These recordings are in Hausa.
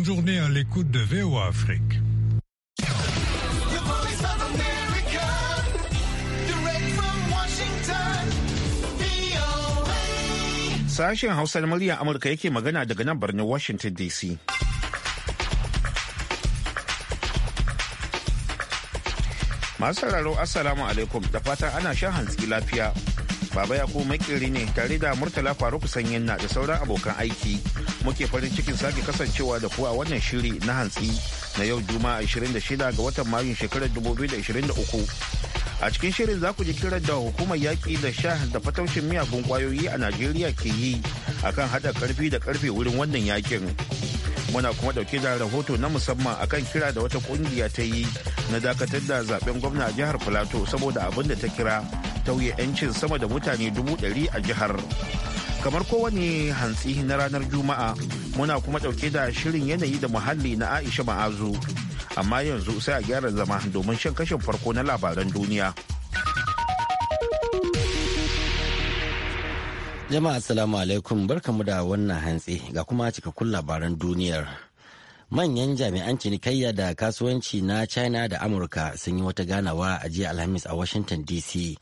Bonne journée à l'écoute de VOA Afrique. Sashen Hausa na murya Amurka yake magana daga nan birnin Washington DC. Masu sauraro Assalamu alaikum da fatan ana shan hantsi lafiya. Baba Yakubu makiri ne tare da Murtala Faruk Sanyin na da sauran abokan aiki. Muke farin cikin sake kasancewa da kuwa wannan shiri na hantsi na yau Juma'a 26 ga watan Mayun shekarar 2023. A cikin shirin za ku ji kiran da hukumar yaƙi da sha da fataushin miyagun kwayoyi a Najeriya ke yi akan haɗa ƙarfi da ƙarfe wurin wannan yakin. Muna kuma ɗauke da rahoto na musamman akan kira da wata ƙungiya ta yi na dakatar da zaben gwamna a jihar Filato saboda abin da ta kira tauye 'yancin sama da mutane dubu ɗari a jihar. Kamar kowane hantsi na ranar Juma'a, muna kuma ɗauke da shirin yanayi da muhalli na Aisha Ma'azu. Amma yanzu sai a gyara zama domin shan kashin farko na labaran duniya. Jama'a Assalamu alaikum barkamu da wannan hantsi ga kuma cikakkun labaran duniyar. Manyan jami'an cinikayya da kasuwanci na China da Amurka sun yi wata ganawa a jiya Alhamis a Washington DC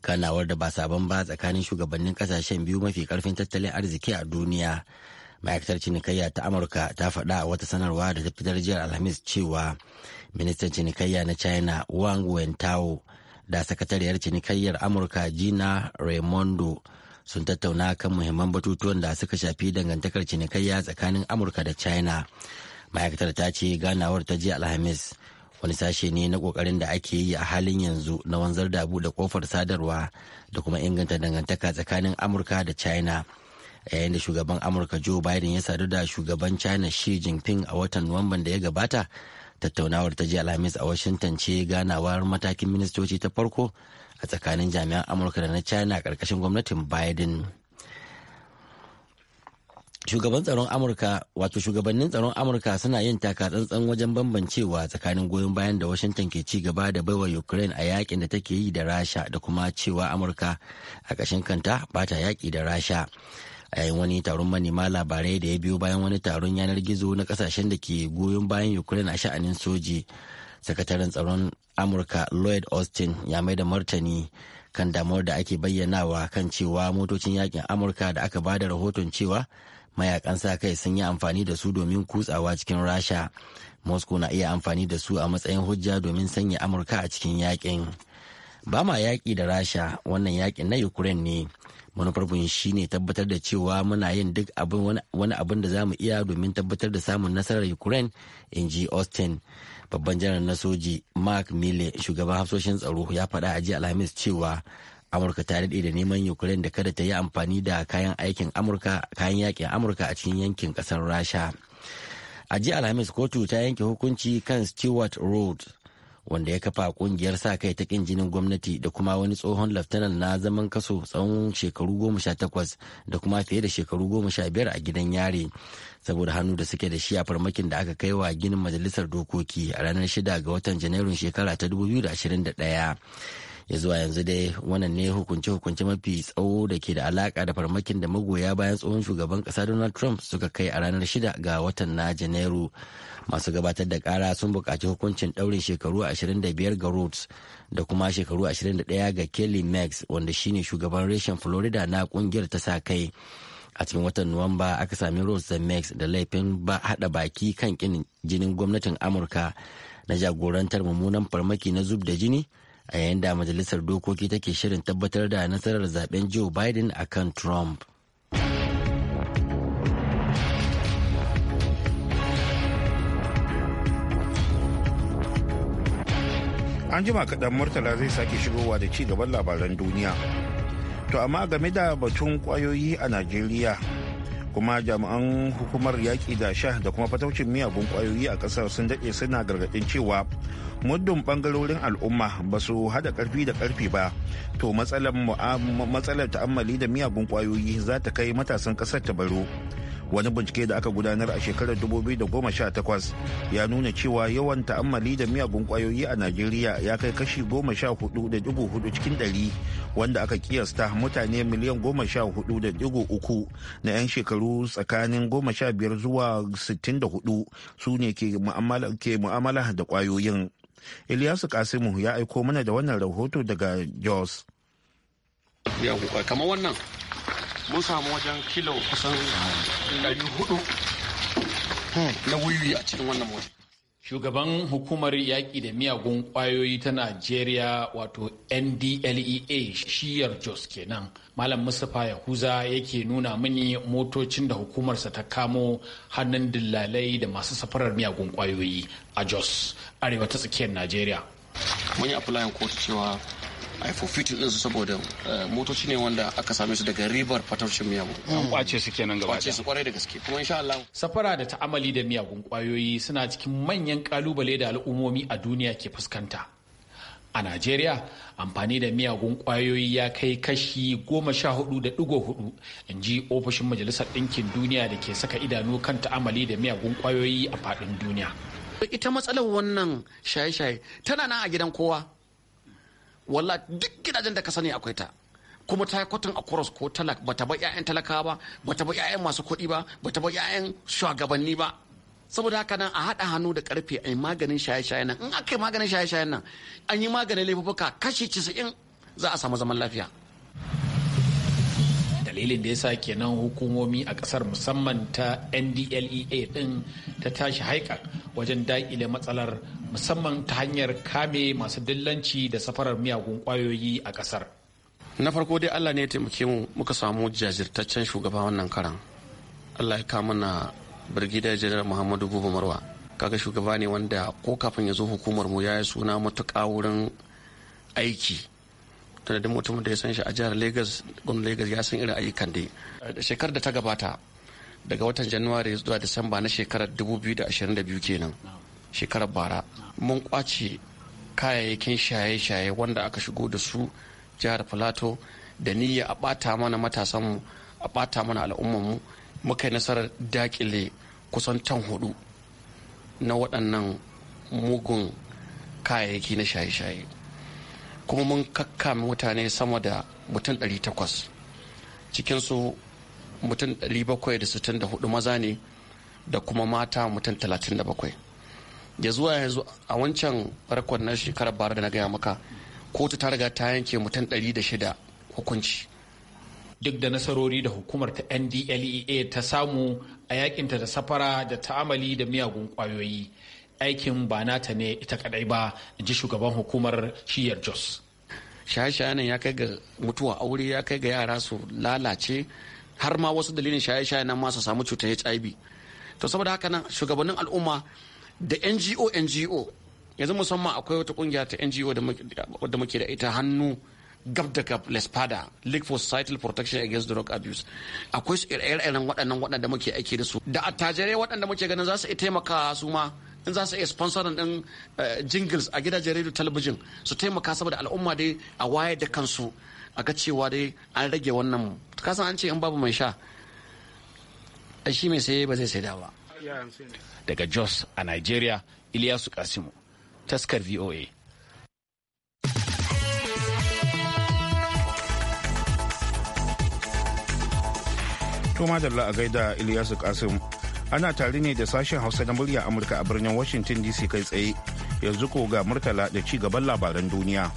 kanawar da ba sabon ba tsakanin shugabannin kasashen biyu mafi karfin tattalin arziki a duniya ma'aikatar cinikayya ta amurka ta faɗa a wata sanarwa da ta fitar jiyar alhamis cewa ministan cinikayya na china wang wentao da sakatariyar cinikayyar amurka gina raimondo sun tattauna kan muhimman batutuwan da suka shafi dangantakar cinikayya tsakanin amurka da china ma'aikatar ta ce ganawar ta jiya alhamis wani sashe ne na kokarin da ake yi a halin yanzu na wanzar da da kofar sadarwa da kuma inganta dangantaka tsakanin amurka da china yayin da shugaban amurka joe biden ya sadu da shugaban china xi jinping a watan nuwamban da ya gabata tattaunawar ta ji alhamis a washington ce ganawar matakin ministoci ta farko a tsakanin jami'an amurka da na china a ƙarƙashin gwamnatin biden shugaban tsaron amurka wato shugabannin tsaron amurka suna yin taka tsantsan wajen bambancewa tsakanin goyon bayan da washington ke ci gaba da baiwa ukraine a yakin da take yi da rasha da kuma cewa amurka a ƙashin kanta ba ta yaƙi da rasha a yayin wani taron manema labarai da ya biyo bayan wani taron yanar gizo na kasashen da ke goyon bayan ukraine a sha'anin soji sakataren tsaron amurka lloyd austin ya mai da martani kan damuwar da ake bayyanawa kan cewa motocin yakin amurka da aka ba da rahoton cewa mayakan sa kai sun yi amfani da su domin kutsawa cikin rasha moscow na iya amfani da su a matsayin hujja domin sanya amurka a cikin yakin ba ma yaƙi da rasha wannan yakin na ukraine ne manufar shi ne tabbatar da cewa muna yin duk wani abin da za mu iya domin tabbatar da samun nasarar ukraine in ji austin babban janar na soji mark mille shugaban hafsoshin tsaro ya faɗa a jiya alhamis cewa amurka ta daɗe da neman ukraine da kada ta yi amfani da kayan aikin amurka kayan yakin amurka a cikin yankin ƙasar rasha a jiya alhamis kotu ta yanke hukunci kan stewart road wanda ya kafa kungiyar sa kai ta kin jinin gwamnati da kuma wani tsohon laftanan na zaman kaso tsawon shekaru goma sha takwas da kuma fiye da shekaru goma sha biyar a gidan yare saboda hannu da suke da shi a farmakin da aka kai wa ginin majalisar dokoki a ranar shida ga watan janairun shekara ta 2021 ya zuwa yanzu dai wannan ne hukunce-hukunce mafi tsawo da ke da alaka da farmakin da magoya bayan tsohon shugaban kasa donald trump suka kai a ranar shida ga watan na janairu masu gabatar da kara sun bukaci hukuncin ɗaurin shekaru 25 ga roots da kuma shekaru 21 ga kelly max wanda shine shugaban reshen florida na kungiyar ta sa kai a cikin watan nuwamba aka sami rhodes da max da laifin ba hada baki kan jinin gwamnatin amurka na jagorantar mummunan farmaki na zub da jini a yayin da majalisar dokoki take shirin tabbatar da nasarar zaben joe biden a kan trump an jima kaɗan murtala zai sake shigowa da ci gaban labaran duniya to amma game da batun kwayoyi a najeriya kuma jami'an hukumar yaƙi da sha da kuma fataucin miyagun ƙwayoyi a ƙasar sun daɗe suna gargaɗin cewa muddin ɓangarorin al'umma ba su haɗa ƙarfi da ƙarfi ba to matsalar ta'ammali da miyagun ƙwayoyi za ta kai matasan ƙasar ta baro wani bincike da aka gudanar a shekarar 2018 ya nuna cewa yawan ta'ammali da miyagun kwayoyi a najeriya ya kai kashi 14.4 cikin ɗari wanda aka kiyasta mutane miliyan goma sha hudu da digo uku na 'yan shekaru tsakanin goma sha biyar zuwa sittin da hudu su ne ke mu'amala da kwayoyin. Ilyasu Kasimu ya aiko mana da wannan rahoto daga Jos. kamar wannan mun samu wajen kilo kusan 400 hmm. hmm. na wuyu a cikin wannan mota. Shugaban hukumar yaƙi da miyagun ƙwayoyi ta Najeriya wato NDLEA shiyar Jos kenan. Malam Mustapha Yahuza yake nuna mini motocin da hukumarsa ta kamo hannun dillalai da masu safarar miyagun ƙwayoyi a Jos, arewa ta tsakiyar Najeriya. Mun yi applying kotu cewa ai din su saboda eh, motoci ne wanda aka same su daga ribar fataucin miyagun an kwace su kenan gaba kwace su kwarai da gaske kuma insha Allah safara da ta'amali da miyagun kwayoyi suna cikin manyan kalubale da al'ummomi a duniya ke fuskanta a Najeriya amfani da miyagun kwayoyi ya kai kashi goma sha hudu da digo hudu in ji ofishin majalisar ɗinkin duniya da ke saka idanu kan ta'amali da miyagun kwayoyi a faɗin duniya ita matsalar wannan shaye-shaye tana nan a gidan kowa walla duk gidajen da ka sani akwai ta kuma ta kwatan a kuros ko talak bata ba 'ya'yan talakawa ba bata ba 'ya'yan masu kuɗi ba bata ba 'ya'yan shugabanni ba saboda haka nan a haɗa hannu da karfe a yi maganin shaye-shayen nan in aka yi maganin shaye-shayen nan an yi maganin laifuka kashi 90 za a samu zaman lafiya dalilin da ya sa kenan hukumomi a kasar musamman ta ndlea din ta tashi haika wajen daƙile matsalar musamman ta hanyar kame masu dillanci da safarar miyagun kwayoyi a kasar na farko dai allah ne ya taimake mu muka samu jajirtaccen shugaba wannan karan allah ya kama na birgida janar muhammadu buba marwa kaga shugaba ne wanda ko kafin ya zo hukumar mu ya yi suna matuƙa wurin aiki tare da mutumin da ya san shi a jihar Legas gwamnan lagos ya san irin ayyukan da shekarar da ta gabata daga watan januwari zuwa disamba na shekarar 2022 kenan shekarar bara mun kwace kayayyakin shaye-shaye wanda aka shigo da su jihar filato da niyya a bata mana matasanmu a bata mana al'ummanmu muka yi nasarar dakile kusan tan hudu na waɗannan mugun kayayyaki na shaye-shaye kuma mun kakkame mutane sama da mutum 800 cikinsu mutum 764 maza ne da kuma mata mutum 37 ya zuwa yanzu a wancan rakon na shekarar bara da na gaya maka kotu ta riga ta yanke mutum 106 hukunci duk da nasarori da hukumar ta ndlea ta samu a yakinta da safara da ta'amali da miyagun kwayoyi aikin ba nata ne ita kadai ba in ji shugaban hukumar shiyar jos shaye-shayen ya kai ga mutuwa aure ya kai ga yara su lalace har ma wasu dalilin shaye-shayen nan ma su samu cutar hiv to saboda haka nan shugabannin al'umma da ngo ngo yanzu musamman akwai wata kungiya ta ngo da muke da ita hannu gab da gab lespada league for societal protection against drug abuse akwai su ire-iren waɗannan waɗanda muke aiki da su da attajirai waɗanda muke ganin za su taimaka su ma in za su iya sponsorin din eh, jingles a gidajen radio talabijin su taimaka saboda al'umma dai a wayar da kansu a ga cewa dai an rage wannan kasan an ce in babu mai sha shi mai saye ba zai saida ba daga jos a nigeria iliyasu kasimu taskar voa Tuma madalla a gaida Iliyasu Kasim ana tare ne da sashen hausa na murya amurka a birnin washington dc kai tsaye yanzu ko ga murtala da ci gaban labaran duniya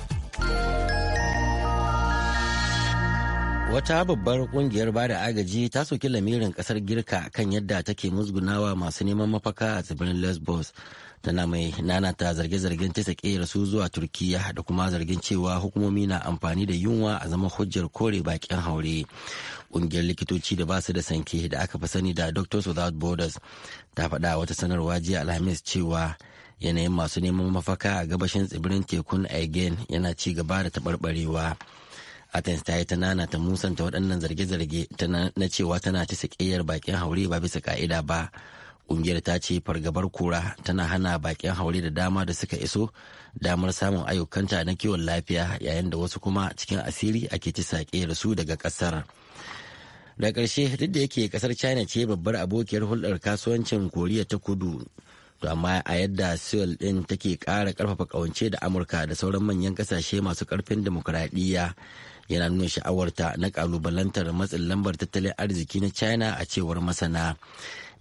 wata babbar kungiyar bada agaji ta soki lamirin kasar girka kan yadda take musgunawa masu neman mafaka a tsibirin lesbos tana mai nanata zarge-zargen ta su zuwa turkiya da kuma zargin cewa hukumomi na amfani da yunwa a zama hujjar kore bakin haure ƙungiyar likitoci da basu da sanke da aka fi sani da doctors without borders ta faɗa wata sanarwa jiya alhamis cewa yanayin masu neman mafaka a gabashin tsibirin tekun aegean yana ci gaba da taɓarɓarewa Athens ta yi ta nanata musanta waɗannan zarge-zarge na cewa tana ta sakeyar bakin haure ba bisa ka'ida ba kungiyar ta ce fargabar kura tana hana bakin haure da dama da suka iso damar samun ayyukanta na kiwon lafiya yayin da wasu kuma cikin asiri ake ci sake da su daga kasar da ƙarshe duk da yake kasar china ce babbar abokiyar hulɗar kasuwancin koriya ta kudu to amma a yadda seoul din take ƙara ƙarfafa ƙawance da amurka da sauran manyan ƙasashe masu ƙarfin demokuraɗiyya yana nuna sha'awarta na ƙalubalantar matsin lambar tattalin arziki na china a cewar masana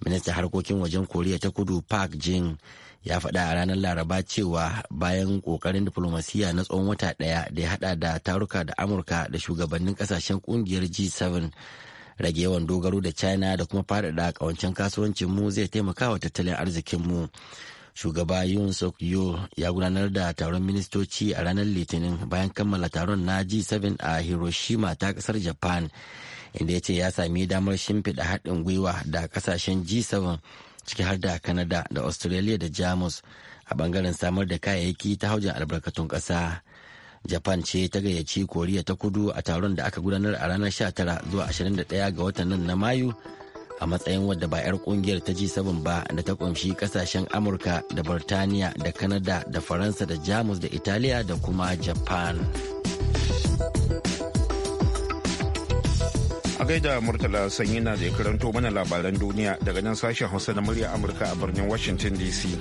ministan harkokin wajen koriya ta kudu park jin ya faɗa a ranar laraba cewa bayan ƙoƙarin diflomasiyya na tsawon wata ɗaya da ya haɗa da taruka da amurka da shugabannin ƙasashen ƙungiyar g7 rage yawan dogaro da china da kuma faɗaɗa ƙawancen kasuwancin mu zai taimaka wa tattalin arzikin mu shugaba yun suk yo ya gudanar da taron ministoci a ranar litinin bayan kammala taron na g7 a hiroshima ta ƙasar japan inda ya ce ya sami damar shimfiɗa haɗin gwiwa da ƙasashen G7 ciki har da kanada da Australia da Jamus a ɓangaren samar da kayayyaki ta haujin albarkatun ƙasa. Japan ce ta gayyaci Koriya ta kudu a taron da aka gudanar a ranar 19 zuwa 21 ga watan nan na Mayu a matsayin wadda ba 'yar kungiyar ta G7 ba da ta kunshi kasashen Amurka da Burtaniya da Kanada da Faransa da Jamus da Italiya da kuma Japan. A gaida Murtala sanyi na da karanto mana labaran duniya daga nan sashen Hausa na murya Amurka a birnin Washington DC.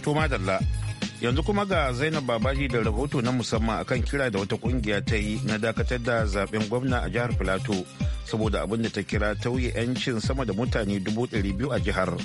Tuma Dalla yanzu kuma ga zainab babaji da rahoto na musamman akan kira da wata kungiya ta yi na dakatar da zaben gwamna a jihar plateau saboda abin da ta kira tauye 'yancin sama da mutane 200,000 a jihar.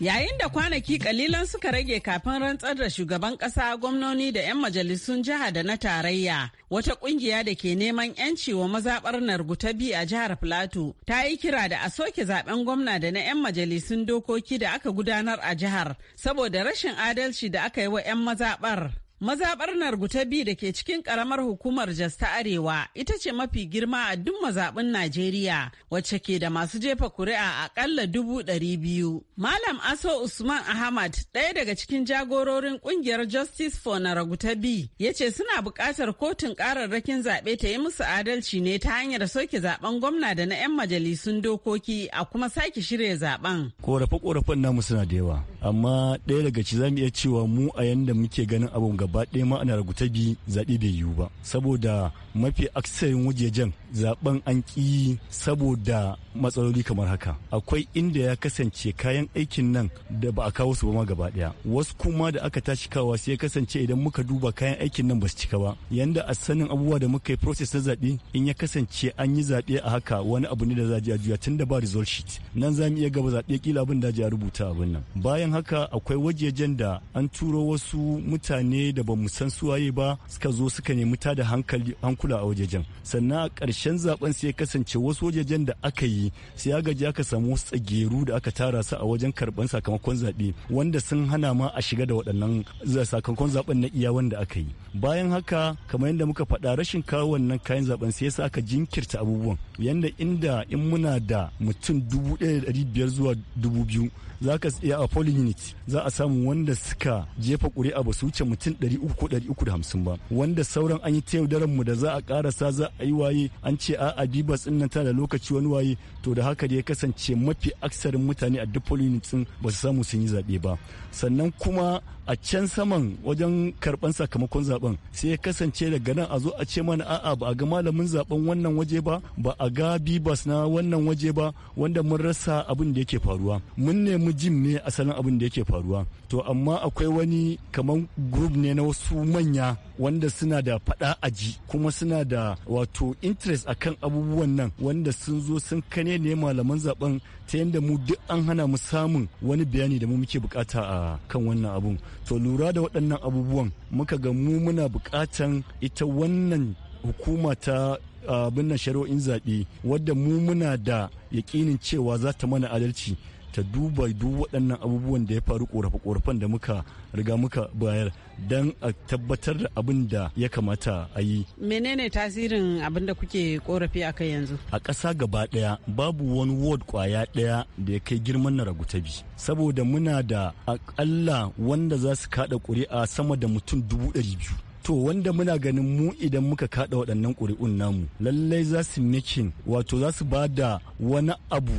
Yayin da kwanaki kalilan suka rage kafin rantsar da shugaban ƙasa, gwamnoni da 'yan majalisun jiha da na tarayya, wata ƙungiya da ke neman 'yanci wa mazaɓar Nargutabi a jihar Filato ta yi kira da a soke zaben gwamna da na 'yan majalisun dokoki da aka gudanar a jihar saboda rashin adalci da aka yi wa 'yan mazaɓar. Mazaɓar Nargutabi da ke cikin ƙaramar hukumar Jas ta Arewa ita ce mafi girma a duk mazaɓin Najeriya wacce ke da masu jefa kuri'a aƙalla dubu ɗari biyu. Malam Aso Usman Ahmad ɗaya daga cikin jagororin ƙungiyar Justice for Nargutabi ya ce suna buƙatar kotun ƙararrakin zaɓe ta yi musu adalci ne ta hanyar soke zaɓen gwamna da na 'yan majalisun dokoki a kuma sake shirya zaɓen. Ƙorafe-ƙorafen namu suna da yawa amma ɗaya daga ci za mu iya cewa mu a yanda muke ganin abun gaba ɗaya ma ana biyu zaɓe bai yiwu ba saboda mafi aksarin wajejen zaben an ƙi saboda matsaloli kamar haka akwai inda ya kasance kayan aikin nan da ba a kawo su ba ma gaba ɗaya wasu kuma da aka tashi kawa sai ya kasance idan muka duba kayan aikin nan ba su cika ba yanda a sanin abubuwa da muka yi process na zaɓe in ya kasance an yi zaɓe a haka wani abu ne da za a juya tun da ba result sheet nan za mu iya gaba zaɓe kila abin da a rubuta abin nan bayan haka akwai wajejen da an turo wasu mutane da ba mu san su waye ba suka zo suka nemi ta da hankali hankula a wajejen sannan a ƙarshen zaben sai ya kasance wasu wajejen da aka yi sai ya gaji aka samu wasu tsageru da aka tara su a wajen karban sakamakon zaɓe wanda sun hana ma a shiga da waɗannan sakamakon zaben na iya wanda aka yi bayan haka kamar yadda muka faɗa rashin kawo wannan kayan zaben sai yasa aka jinkirta abubuwan yanda inda in muna da mutum dubu ɗaya da biyar zuwa dubu biyu za ka iya a polling za a samu wanda suka jefa ƙuri'a ba su wuce mutum 350 ba wanda sauran an yi ta mu da za a karasa za a yi waye an ce a adibas din nan tana da lokaci wani waye to da haka da ya kasance mafi aksarin mutane a duk units din ba su samu sun yi zaɓe ba sannan kuma a can saman wajen karban sakamakon zaben sai ya kasance daga nan a zo a ce mana a'a ba a ga malamin zaben wannan waje ba ba a ga bibas na wannan waje ba wanda mun rasa abin da yake faruwa mun nemi jin ne asalin abin da yake faruwa to amma akwai wani kaman group ne na wasu manya wanda suna da fada aji kuma suna da wato interest akan abubuwan nan wanda sun zo sun kane ne malaman zaben ta yadda mu duk an hana mu samun wani bayani da mu muke bukata a kan wannan abun to lura da waɗannan abubuwan muka ga mu muna bukatan ita wannan hukuma ta abin nan shari'o'in zaɓe wadda mu muna da yakinin cewa za ta mana adalci ta duba duk waɗannan abubuwan da ya faru korafe-korafen da muka riga muka bayar don a tabbatar da abin da ya kamata a yi. Menene tasirin abin da kuke korafi a kai yanzu? A ƙasa gaba ɗaya babu wani ward kwaya ɗaya da ya kai girman na ragutabi. Saboda muna da aƙalla wanda za su kaɗa ƙuri'a sama da mutum dubu ɗari biyu. to wanda muna ganin mu idan muka kada waɗannan ƙuri'un namu lallai za su wato za su ba da wani abu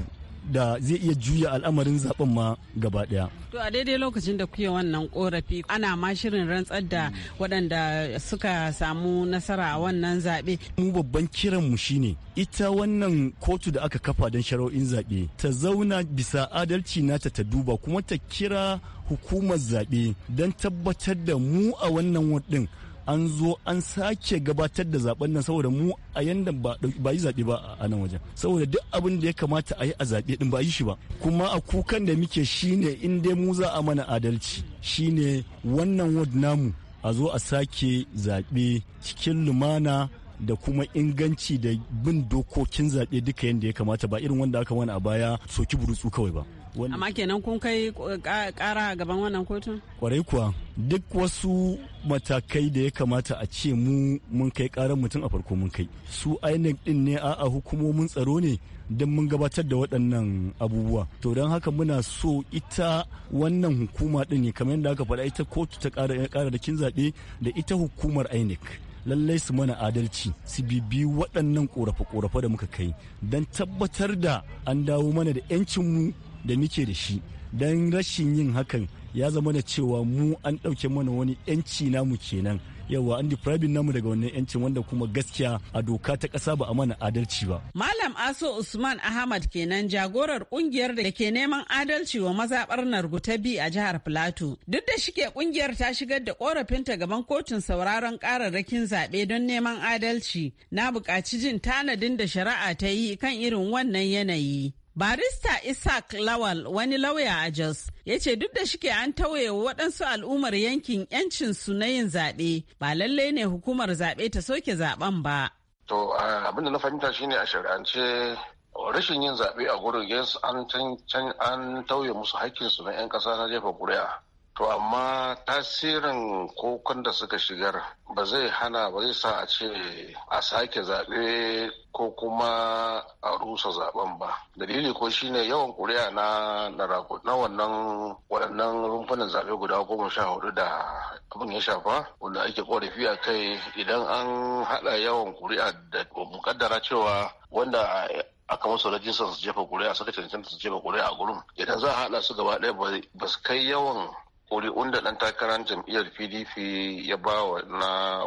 da zai iya juya al'amarin zaben ma gaba daya. To a daidai lokacin da kuke wannan korafi ana ma shirin rantsar da waɗanda suka samu nasara a wannan zaɓe. Mu babban kiran mu shine ita wannan kotu da aka kafa don shari'o'in zaɓe ta zauna bisa adalci nata ta duba kuma ta kira hukumar zaɓe don tabbatar da mu a wannan waɗin. an zo an sake gabatar da zaben nan saboda mu a yanda ba yi zaɓe ba a nan wajen saboda duk abin da ya kamata a yi a zaɓe din ba yi shi ba kuma a kukan da muke shine in dai mu za a mana adalci shine wannan ward namu a zo a sake zaɓe cikin lumana da kuma inganci da bin dokokin zaɓe duka yadda ya kamata ba irin wanda aka mana a baya soki burutsu kawai ba amma kenan kun kai eh, kara gaban wannan kotun kwarai kuwa duk wasu matakai da ya kamata a ce mu mun kai karar mutum a farko mun kai su inec din ne a hukumomin tsaro ne don mun gabatar da waɗannan abubuwa to don haka muna so ita wannan hukuma din ne kamar yadda aka faɗa ita kotu ta ƙara da kin zaɓe da ita hukumar inec lallai su mana adalci su bibi waɗannan ƙorafe-ƙorafe da muka kai don tabbatar da an dawo mana da 'yancinmu da muke da shi don rashin yin hakan ya zama da cewa mu an ɗauke mana wani 'yanci namu kenan yawa an depriving namu daga wannan yancin wanda kuma gaskiya a doka ta ƙasa ba a mana adalci ba. Malam Aso Usman Ahmad kenan jagorar kungiyar da ke neman adalci wa mazaɓar Nargutabi a jihar Filato. Duk da shike kungiyar ta shigar da korafinta gaban kotun sauraron kararrakin zaɓe don neman adalci, na bukaci jin tanadin da shari'a ta yi kan irin wannan yanayi. Barista Isaac Lawal wani lauya a Jos ya ce duk da shike an tauye waɗansu al'ummar yankin yancin su na yin zaɓe ba lallai ne hukumar zaɓe ta soke zaɓen ba. To abin da na fahimta shine a shari'ance rashin yin zaɓe a gurin an tauye musu haƙƙinsu na 'yan ƙasa na jefa ƙuri'a. to amma tasirin kokon da suka shigar ba zai hana ba zai sa a ce a sake zaɓe ko kuma a rusa zaben ba dalili ko shine yawan kuri'a na na wannan waɗannan rumfunan zaɓe guda goma sha hudu da abin ya shafa wanda ake korafi a kai idan an haɗa yawan kuri'a da mukaddara cewa wanda aka masu rajistar su jefa kuri'a suka cancanta su jefa kuri'a a gurin idan za a haɗa su gaba ɗaya ba su kai yawan ƙuri'un da ɗan takarar jam'iyyar pdp ya ba wa na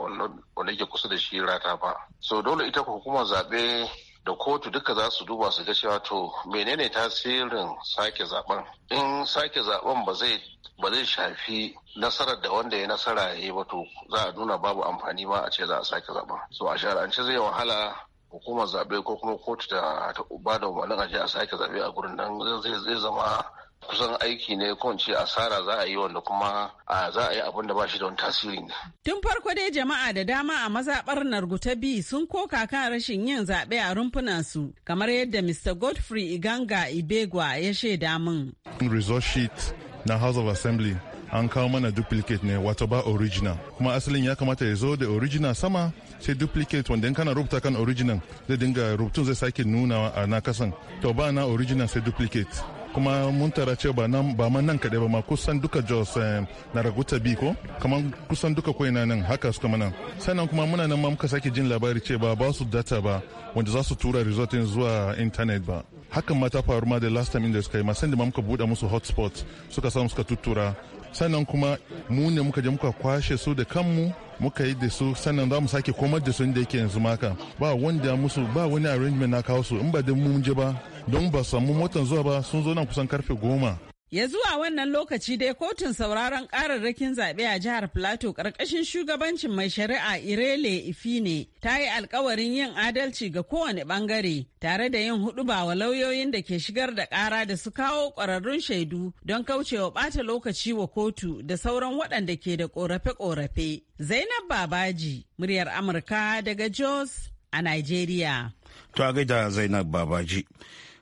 wanda yake kusa da shi rata ba so dole ita hukumar zaɓe da kotu duka za su duba su ga cewa to menene tasirin sake zaben in sake zaben ba zai ba zai shafi nasarar da wanda ya nasara ya yi wato za a nuna babu amfani ba a ce za a sake zaben so a shara'ance zai wahala hukumar zaɓe ko kuma kotu da ta ba da umarnin je a sake zaɓe a gurin nan zai zama kusan aiki ne ko ce asara za a yi wanda kuma za a yi abin da ba shi da wani tasiri ne. Tun farko dai jama'a da dama a mazaɓar Narguta B sun koka kan rashin yin zaɓe a rumfunan su kamar yadda Mr. Godfrey Iganga Ibegwa ya shaida min. Result sheet na House of Assembly an kawo mana duplicate ne wato ba original kuma asalin ya kamata ya zo da original sama sai duplicate wanda in kana rubuta kan original zai dinga rubutun zai sake nunawa a na kasan to ba na original sai duplicate kuma mun tara cewa ba nan ba ma nan kaɗai ba ma kusan duka jos eh, na raguta bi ko kamar kusan duka kwai na nan haka suka mana sannan kuma muna nan ma muka sake jin labari ce ba su data ba wanda za su tura risotin zuwa internet ba hakan ma ta faru ma da last time inda suka yi ma sanda ma muka buɗe musu hotspot suka samu suka tuttura sannan kuma mu ne muka je muka kwashe su da kanmu muka yi da su sannan za mu sake komar da su inda yake yanzu maka ba wanda musu ba wani arrangement na kawo su in ba da mun je ba don ba samu motan zuwa ba sun zo nan kusan karfe goma Ya zuwa wannan lokaci dai kotun sauraron kararrakin zaɓe a jihar Plateau ƙarƙashin shugabancin mai shari'a Irele Ifine ta yi alkawarin yin adalci ga kowane ɓangare tare da yin huɗubawa wa lauyoyin da ke shigar da ƙara da su kawo ƙwararrun shaidu don kaucewa ɓata lokaci wa kotu da sauran waɗanda ke da ƙorafe-ƙorafe. Zainab Babaji, muryar Amurka daga Jos a Nigeria. To a gaida Zainab Babaji,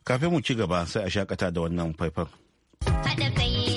kafin mu ci gaba sai a shakata da wannan faifan. i Haɗa kai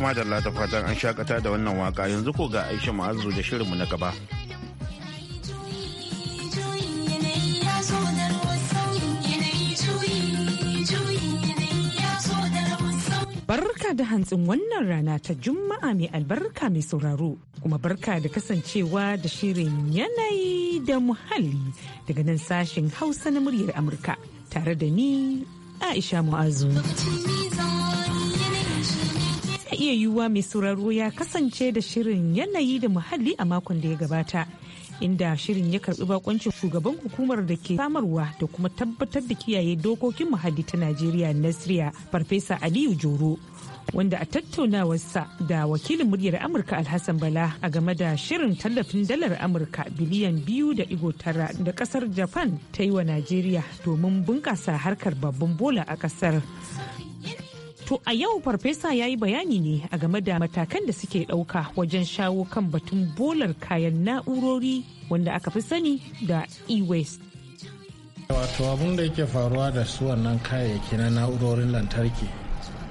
ma da lata fatan an shakata da wannan waka yanzu ko ga Aisha Ma'azu da shirinmu na gaba. Barka da hantsin wannan rana ta Juma'a mai albarka mai sauraro, kuma barka da kasancewa da shirin yanayi da muhalli daga nan sashen Hausa na muryar Amurka tare da ni Aisha Mu'azu. iya yiwuwa mai sauraro ya kasance da shirin yanayi da muhalli a makon da ya gabata inda shirin ya karbi bakoncin shugaban hukumar da ke samarwa da kuma tabbatar da kiyaye dokokin muhalli ta najeriya nasiriya farfesa aliyu joro wanda a tattaunawarsa da wakilin muryar amurka alhassan bala a game da shirin tallafin dalar amurka biliyan biyu da igo tara da kasar japan ta yi wa najeriya domin bunkasa harkar babban bola a kasar To a yau farfesa ya yi bayani ne a game da matakan da suke ɗauka wajen shawo kan batun bolar kayan na'urori wanda aka fi sani da e-waste. Wato abin da yake faruwa da su wannan kayayyaki na na'urorin lantarki.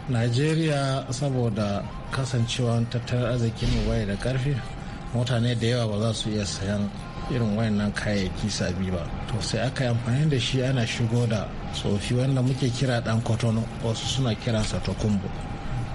Najeriya saboda kasancewa tattalin arzikin mu da karfi mutane da yawa ba za su iya sayan irin wayannan kayayyaki sabi ba to sai aka yi amfani da shi ana shigo da tsofi wanda muke kira dan kotono wasu suna kiransa tokumbo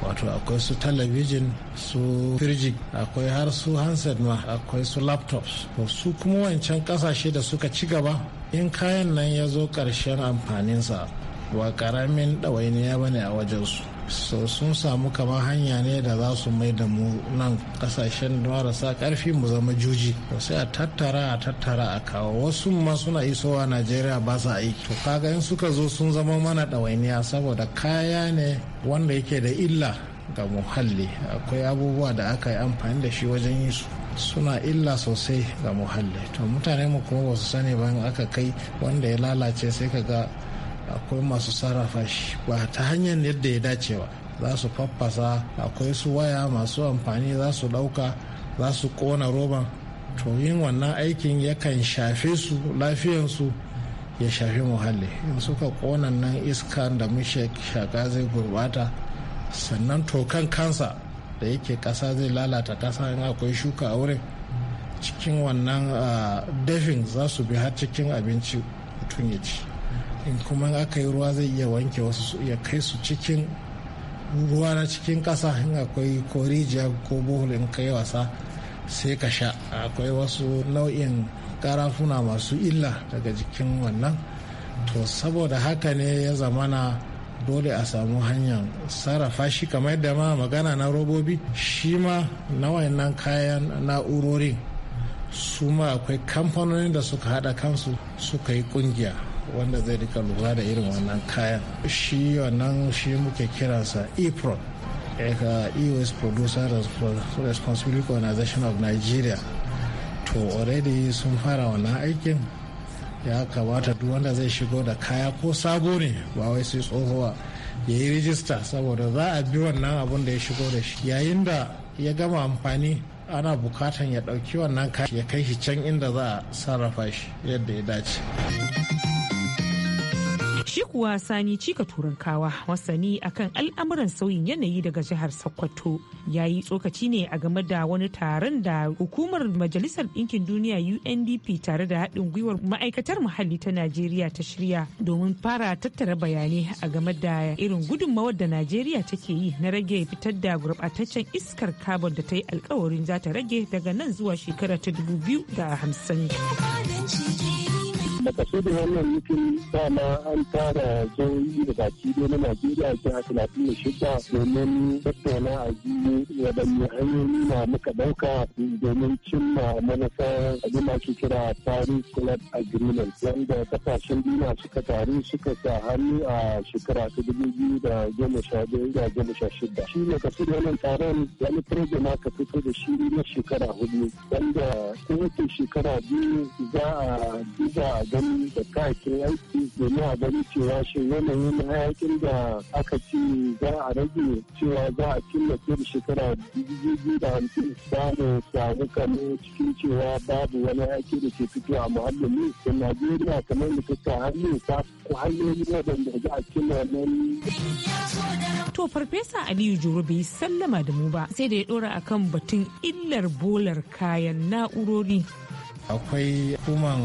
wato akwai su talabijin su firji akwai har su handset ma akwai su laptops su kuma wancan kasashe da suka ci gaba in kayan nan ya zo ƙarshen amfaninsa ba ƙaramin ɗawainiya ba ne a wajensu so sun samu kamar hanya ne da za su mai da mu nan kasashen marasa karfi mu zama juji to sai a tattara a tattara a kawo wasu ma suna isowa najeriya ba sa aiki to kaga in suka zo sun zama mana ɗawainiya saboda kaya ne wanda yake da illa ga muhalli akwai abubuwa da aka yi amfani da shi wajen yi su suna illa sosai ga muhalli to mutane mu kuma ba su sani ba aka kai wanda ya lalace sai ka ga akwai masu sarrafa shi ba ta hanyar yadda ya dace ba za su faffasa akwai su waya masu amfani za su ɗauka za su ƙona roban to yin wannan aikin yakan shafe su lafiyansu ya shafi muhalli in suka ƙona nan iska da mushe shaka zai gurbata sannan tokan kansa da yake ƙasa zai lalata ƙasa in akwai shuka a wurin cikin wannan ah, dafin za su bi har cikin abinci mutum ya ci in kuma aka yi ruwa zai iya wanke wasu ya kai su cikin ruwa na cikin ƙasa in akwai korijiya ko bohol in kai wasa sai ka sha akwai wasu nau'in karafuna masu illa daga jikin wannan to saboda haka ne ya zamana dole a samu hanyar sarrafa shi kamar yadda ma magana na robobi shi ma na wayannan kayan na'urorin su ma akwai kamfanonin da suka hada kansu suka yi kungiya wanda zai rika lura da irin wannan kayan shi wannan shi muke kiransa epron eka eos producer responsibility organization of nigeria to already sun fara wannan aikin ya kamata duk wanda zai shigo da kaya ko sabo ne ba wai sai tsohuwa ya yi rijista saboda za a bi wannan abun da ya shigo da shi yayin da ya gama amfani ana bukatan ya dauki wannan kaya ya kai shi can inda za a sarrafa shi yadda ya dace. Shi kuwa Sani Cika Turankawa wasani akan al'amuran sauyin yanayi daga jihar Sokoto ya yi tsokaci ne a game da wani taron da hukumar Majalisar Ɗinkin Duniya UNDP tare da haɗin gwiwar ma'aikatar muhalli ta Najeriya ta shirya domin fara tattara bayanai a game da irin gudunmawar da Najeriya take yi na rage fitar da gurbataccen iskar carbon da ta yi alkawarin za ta rage daga nan zuwa shekara ta da hamsin. da wannan mutum dama an tara jihohi da baki da na najeriya jiha talatin da shida domin tattauna a ji waɗanne hanyoyi na muka ɗauka domin cimma manufa abin ake kira paris club agreement wanda kasashen duniya suka taru suka sa hannu a shekara ta dubu biyu da goma sha biyu da goma sha shida shi makasudin wannan taron wani program ka fito da shi na shekara hudu wanda kowace shekara biyu za a duba gani da kakin aiki domin a gani cewa shi yanayin hayakin da aka ci za a rage cewa za a killace da shekara dubu da hamsin samu samu kano cikin cewa babu wani hayakin da ke fito a muhallin da najeriya kamar da ta sa hannu ta ku hanyoyi da za a killa nan. To Farfesa Aliyu juru bai sallama da mu ba sai da ya ɗora akan batun illar bolar kayan na'urori. Akwai kuman.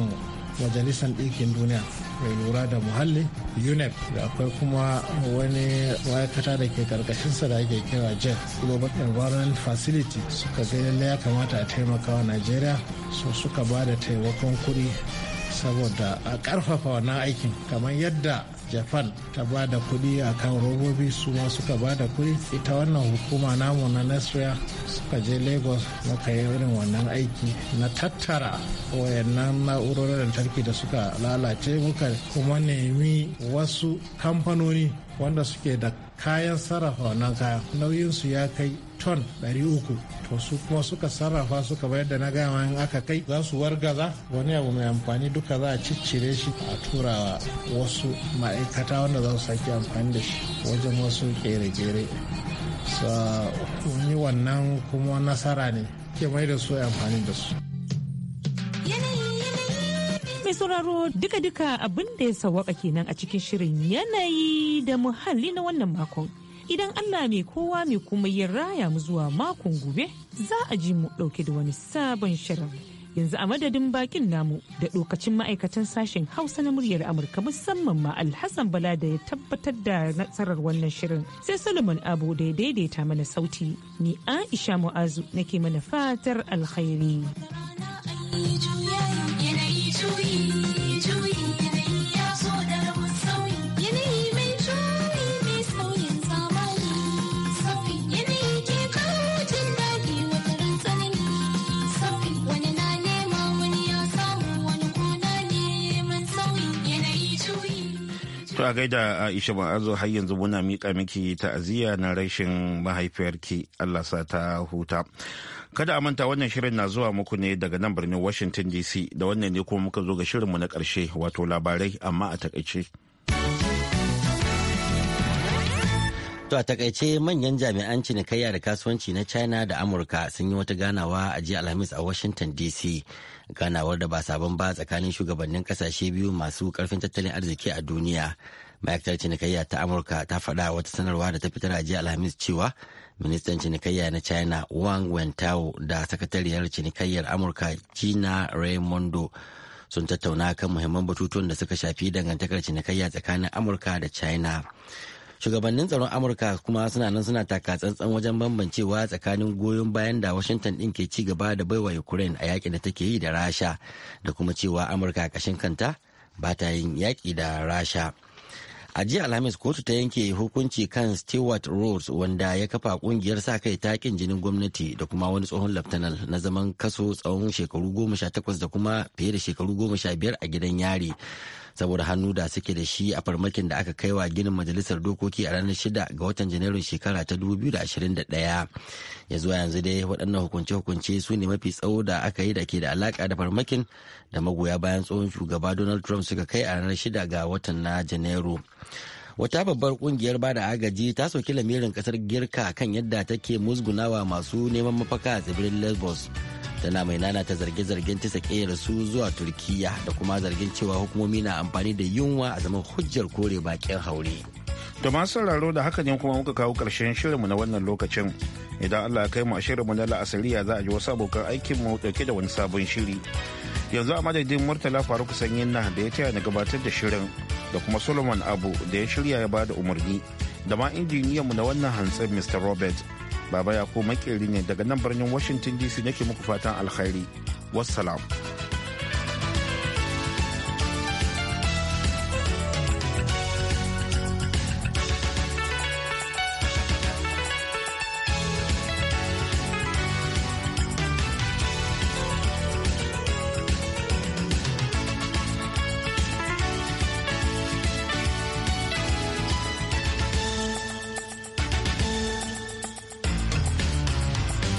majalisar ɗinkin duniya mai lura da muhalli unep da akwai kuma wani ma'aikata da ke karkashinsa da ake kira jet global environment facility suka ga lalle ya kamata a taimaka wa najeriya so suka ba da taimakon kuri saboda a karfafa wannan aikin kamar yadda japan ta ba da kuɗi a kan robobi su ma suka ba da kuɗi ita wannan hukuma namu na nasriya suka je lagos muka yi irin wannan aiki na tattara wayannan na'urorin lantarki da suka lalace muka kuma nemi wasu kamfanoni wanda suke da kayan sarrafa wannan kayan nauyinsu ya kai ton 300 to su kuma suka sarrafa suka bayar da na gama in aka kai za su wargaza wani abu mai amfani duka za a ciccire shi a tura wasu ma'aikata wanda za su sake amfani da shi wajen wasu kere-kere sa yi wannan kuma nasara ne ke mai da su amfani da su sauraro duka-duka abin da ya sawaka kenan a cikin shirin yanayi da muhalli na wannan makon. Idan Allah mai kowa mai kuma ya raya mu zuwa makon gobe za a ji mu ɗauke da wani sabon shirin. Yanzu a madadin bakin namu da ɗokacin ma'aikatan sashen Hausa na muryar Amurka musamman ma Alhassan Bala da ya tabbatar da nasarar wannan shirin sai Solomon Abu da ya daidaita mana sauti. Ni Aisha Mu'azu nake mana fatar alkhairi. To a gaida Aisha zo har yanzu muna miƙa miki ta'aziyya na rashin mahaifiyarki Allah sa ta huta. Kada a manta wannan shirin na zuwa muku ne daga nan birnin Washington DC da wannan ne kuma muka zo ga shirinmu na karshe wato labarai amma a takaice. To a takaice manyan jami'an cinikayya da kasuwanci na China da Amurka sun yi wata ganawa a jiya Alhamis a Washington DC ganawar da ba sabon ba tsakanin shugabannin kasashe biyu masu karfin tattalin arziki a duniya ma'aikatar cinikayya ta amurka ta faɗa wata sanarwa da ta fitar a jiya alhamis cewa ministan cinikayya na china wang wentao da sakatariyar cinikayyar amurka gina raimondo sun tattauna kan muhimman batutuwan da suka shafi dangantakar cinikayya tsakanin amurka da china shugabannin tsaron amurka kuma suna nan suna taka tsantsan wajen bambancewa tsakanin goyon bayan da washington din ke ci gaba da baiwa ukraine a yakin da take yi da rasha da kuma cewa amurka kashin kanta ba ta yin yaki da rasha a jiya alhamis kotu ta yanke hukunci kan stewart rhodes wanda ya kafa kungiyar sa kai takin jinin gwamnati da kuma wani tsohon laftanal na zaman kaso tsawon shekaru goma sha takwas da kuma fiye da shekaru goma sha biyar a gidan yari saboda hannu da suke da shi a farmakin da aka kai wa ginin majalisar dokoki a ranar 6 ga watan janairun shekara ta 2021 ya zuwa yanzu dai waɗannan hukunce-hukunce su ne mafi tsawo da aka yi da ke da alaƙa da farmakin da magoya bayan tsohon shugaba donald trump suka kai a ranar 6 ga watan na janairu wata babbar kungiyar bada agaji ta soki lamirin kasar girka kan yadda take musgunawa masu neman mafaka a tsibirin lesbos tana mai nana ta zarge-zargen ta sake su zuwa turkiya da kuma zargin cewa hukumomi na amfani da yunwa a zaman hujjar kore bakin haure da masu sauraro da haka ne kuma muka kawo karshen shirinmu na wannan lokacin idan allah ya kai mu a shirinmu na la'asariya za a ji wasu abokan aikinmu dauke da wani sabon shiri yanzu a madadin murtala faruk sanyin na da ya taya na gabatar da shirin da kuma solomon abu da ya shirya ya bada umarni da ma injiniyan mu na wannan hantsin mr robert baba ya ko makeri ne daga nan birnin washington dc nake muku fatan alkhairi wassalam